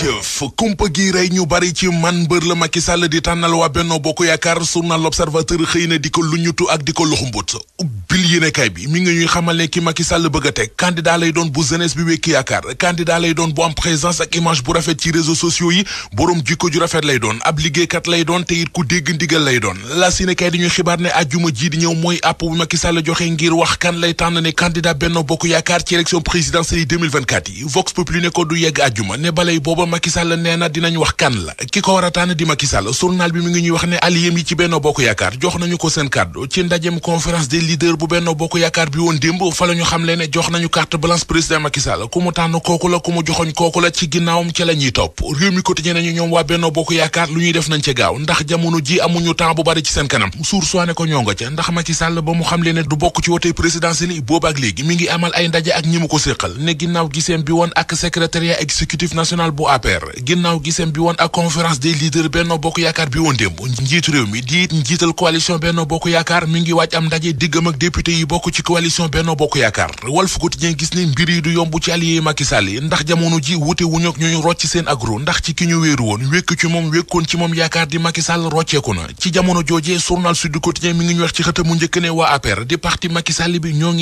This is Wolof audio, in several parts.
jëf kumpa gi rey ñu bari ci man mbër la Macky Sall di tànnal waa Benno Bokk Yaakaar journal L'Observateur xëy na di ko luñutu ak di ko luxumbut bil yéenekaay bi mi ngi ñuy xamal ne ki Macky Sall bëgg a teg candidat lay doon bu jeunesse bi wekki yaakaar candidat lay doon bu am ak image bu rafet ci réseaux sociaux yi boroom jikko ju rafet lay doon ab liggéeykat lay doon te it ku dégg ndigal lay doon la yéenekaay di xibaar ne àjjuma joxe ngir wax kan lay tànn ne candidat Benno Bokk ko du yegg dégg ajjuma ne balay booba Macky Sall nee na dinañ wax kan la ki ko war a tànn di Macky Sall journal bi mi ngi ñuy wax ne alliés yi ci Benno Bokk Yaakaar jox nañu ko seen kàddu ci ndajem conférence des leaders bu Benno Bokk Yaakaar bi woon démb fa la ñu xam le ne jox nañu carte blanche président Macky Sall ku mu tànn kooku la ku mu joxoñ kooku la ci ginnaawam ca la ñuy topp réew mi quotidien nañu ñoom waa Benno Bokk Yaakaar lu ñuy def nañ ca gaaw ndax jamono ko ñongo ca ndax Macky Sall ba mu xam le ne du bokk ci wote exécutif national bu APR ginnaaw gisem bi woon ak conférence des leaders Benno Bokk Yaakaar bi woon démb njiitu réew mi di njiital coalition Benno Bokk Yaakaar mi ngi waaj am ndaje diggam ak député yi bokk ci coalition Benno Bokk Yaakaar Walf Quotidien gis ni mbir yi du yomb ci allié Macky Sall ndax jamono ji wute wuñu ak ñooñu rocc seen agro ndax ci ki ñu wéeru woon wékk ci moom wékkoon ci moom yaakaar di Macky Sall rocceeku na ci jamono joojee journal Sud wax ci xëtamu njëkk ne waa APR di parti Macky Sall bi ñoo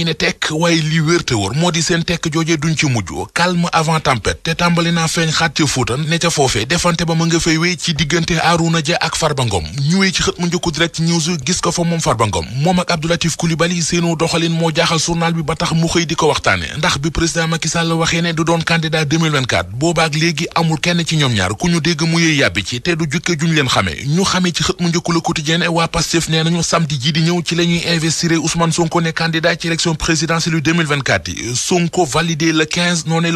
moo di seen tekk joojee duñ ci mujj calme avant tempête tàmbali na feeñ xaat ca Fuuta ne ca foofee defante ba ma nga fay wéy ci diggante Arouna Dia ak Farba Ngom ñu wéy ci xët mu njëkk direct news gis ko fa moom Farba moom ak Abdou Latif Coulibaly seenu doxalin moo jaaxal journal bi ba tax mu xëy di ko waxtaane ndax bi président Macky Sall waxee ne du doon candidat 2024 boobaak léegi amul kenn ci ñoom ñaar ku ñu dégg mu yëy yàbbi ci te du jukke juñ leen xamee ñu xamee ci xët mu njëkk Le Quotidien waa Pastef nee nañu samedi ji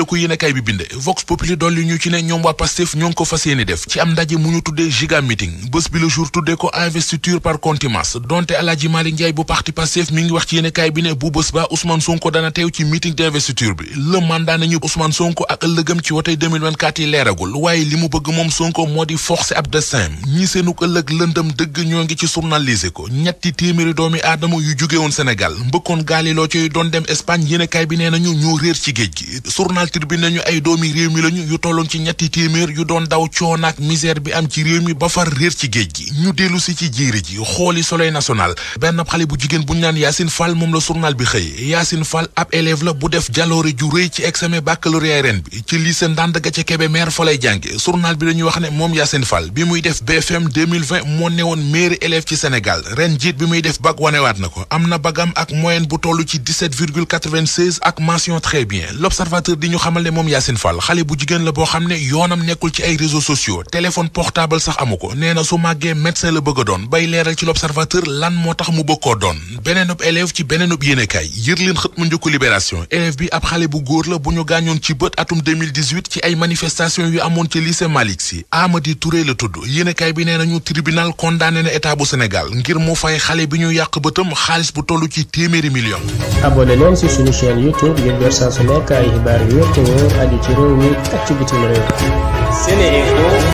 la ko yéene kay bi Vox Populi dolli ñu ci ne ñoom waa Pastef ñoo ngi ko fas yéene def ci am ndaje mu ñu tuddee giga meeting bés bi le tuddee ko investiture par contumace donte Alaaji Malick bu parti Pastef mi wax ci yéene bi ne bu bés ba Ousmane Sonko dana teew ci meeting d'investiture bi le mandat nañu Ousmane Sonko ak ëllëgam ci wotey yi leeragul waaye li mu bëgg moom Sonko moo di forcer ab destin ñi seenuk ëllëg lëndëm dëgg ñoo ngi ci journaliser réew mi lañu yu tolloon ci ñetti téeméer yu doon daw coonaak misère bi am ci réew mi ba far réer ci géej gi ñu dellu ci jéeri ji xooli soleil national benn xale bu jigéen bu naan Yacine Fall moom la journal bi xëy Yacine Fall ab élève la bu def jaloore ju rëy ci examen baccalauréat ren bi ci lycée Ndande ga ca Kébémer fa lay jànge journal bi dañuy wax ne moom Yacine Fall bi muy def BFM 2020 moo ne woon meilleur élève ci Sénégal ren jiit bi muy def bac wanewaat na na bagam ak moyenne bu toll ci 17,96 ak mention très xale bu jigéen la boo xam ne yoonam nekkul ci ay réseaux sociaux téléphone portable sax amu ko nee na su màggee médecin la bëgg doon bay leeral ci l'observateur lan moo tax mu bëgg koo doon beneen ab élève ci beneen ab yéenekaay yër leen xët mu njëkku libération élève bi ab xale bu góor la bu ñu gaañoon ci bët atum ci ay manifestation yu amoon ci lycée Malick Sy Amadi Touré la tudd yéenekaay bi nee nañu tribunal condamné na état bu Sénégal ngir mu fay xale bi ñu yàq bëtam xaalis bu toll ci téeméeri million abonné leen ci suñu chaîne YouTube ngir jot saa su nekk ay réew mi ak ci bitim réew.